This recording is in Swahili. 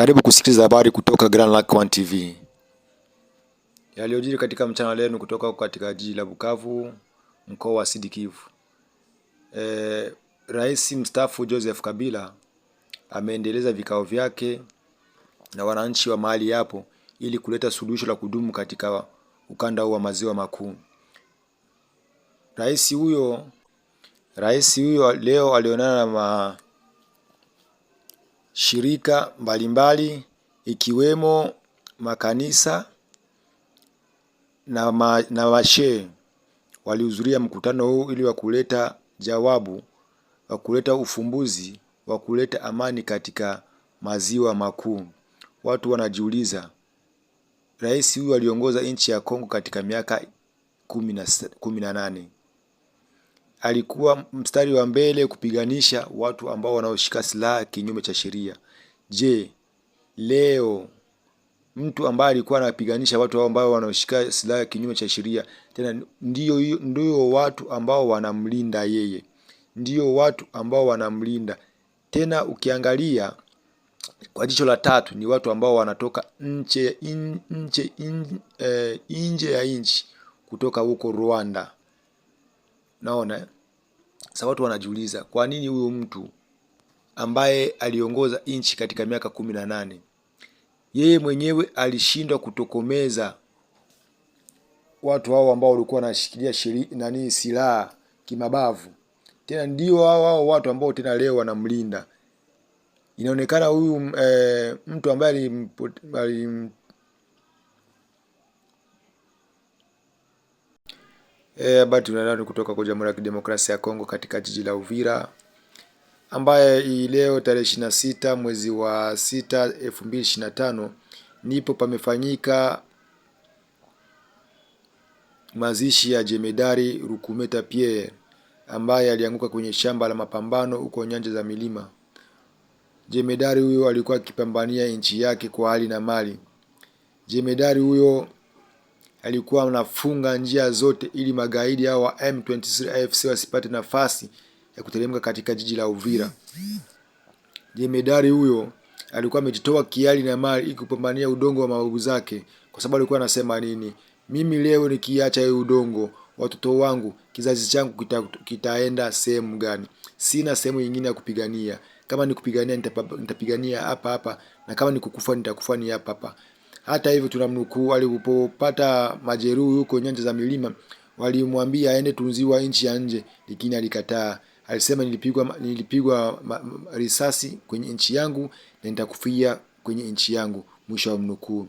Karibu kusikiliza habari kutoka Grand Lac One TV. Yaliyojiri katika mchana lenu kutoka katika jiji la Bukavu, mkoa wa Sud Kivu. E, Rais mstaafu Joseph Kabila ameendeleza vikao vyake na wananchi wa mahali hapo ili kuleta suluhisho la kudumu katika ukanda huu wa maziwa makuu. Rais huyo Rais huyo leo alionana na ma shirika mbalimbali ikiwemo makanisa na, ma, na washehe walihudhuria mkutano huu ili wa kuleta jawabu wa kuleta ufumbuzi wa kuleta amani katika maziwa makuu. Watu wanajiuliza, rais huyu aliongoza nchi ya Kongo katika miaka kumi na nane alikuwa mstari wa mbele kupiganisha watu ambao wanaoshika silaha kinyume cha sheria. Je, leo mtu ambaye alikuwa anapiganisha watu ambao wanaoshika silaha kinyume cha sheria tena ndio, ndio watu ambao wanamlinda yeye, ndio watu ambao wanamlinda tena. Ukiangalia kwa jicho la tatu, ni watu ambao wanatoka nje nje eh, nje ya nchi kutoka huko Rwanda. Naona sasa watu wanajiuliza kwa nini huyu mtu ambaye aliongoza nchi katika miaka kumi na nane yeye mwenyewe alishindwa kutokomeza watu hao ambao walikuwa wanashikilia nani silaha kimabavu, tena ndio hao hao watu ambao tena leo wanamlinda. Inaonekana huyu e, mtu ambaye alim, E, habari tunanayo kutoka kwa Jamhuri ya Kidemokrasia ya Kongo katika jiji la Uvira ambaye leo tarehe 26 mwezi wa 6 2025 ndipo pamefanyika mazishi ya jemedari Rukumeta Pierre ambaye alianguka kwenye shamba la mapambano huko nyanja za milima. Jemedari huyo alikuwa akipambania nchi yake kwa hali na mali. Jemedari huyo alikuwa anafunga njia zote ili magaidi hao wa M23 AFC wasipate nafasi ya kuteremka katika jiji la Uvira. Jemedari huyo alikuwa amejitoa kiali na mali kupambania udongo wa mababu zake, kwa sababu alikuwa anasema nini, mimi leo nikiacha hii udongo, watoto wangu, kizazi changu kita, kitaenda sehemu gani? Sina sehemu nyingine ya kupigania. Kama ni kupigania nitapigania hapa hapa, na kama ni kukufa nitakufa ni hapa hapa. Hata hivyo tunamnukuu, alipopata majeruhi huko nyanja za milima, walimwambia aende tunziwa nchi ya nje, lakini alikataa. Alisema, nilipigwa nilipigwa risasi kwenye nchi yangu na nitakufia kwenye nchi yangu. Mwisho wa mnukuu.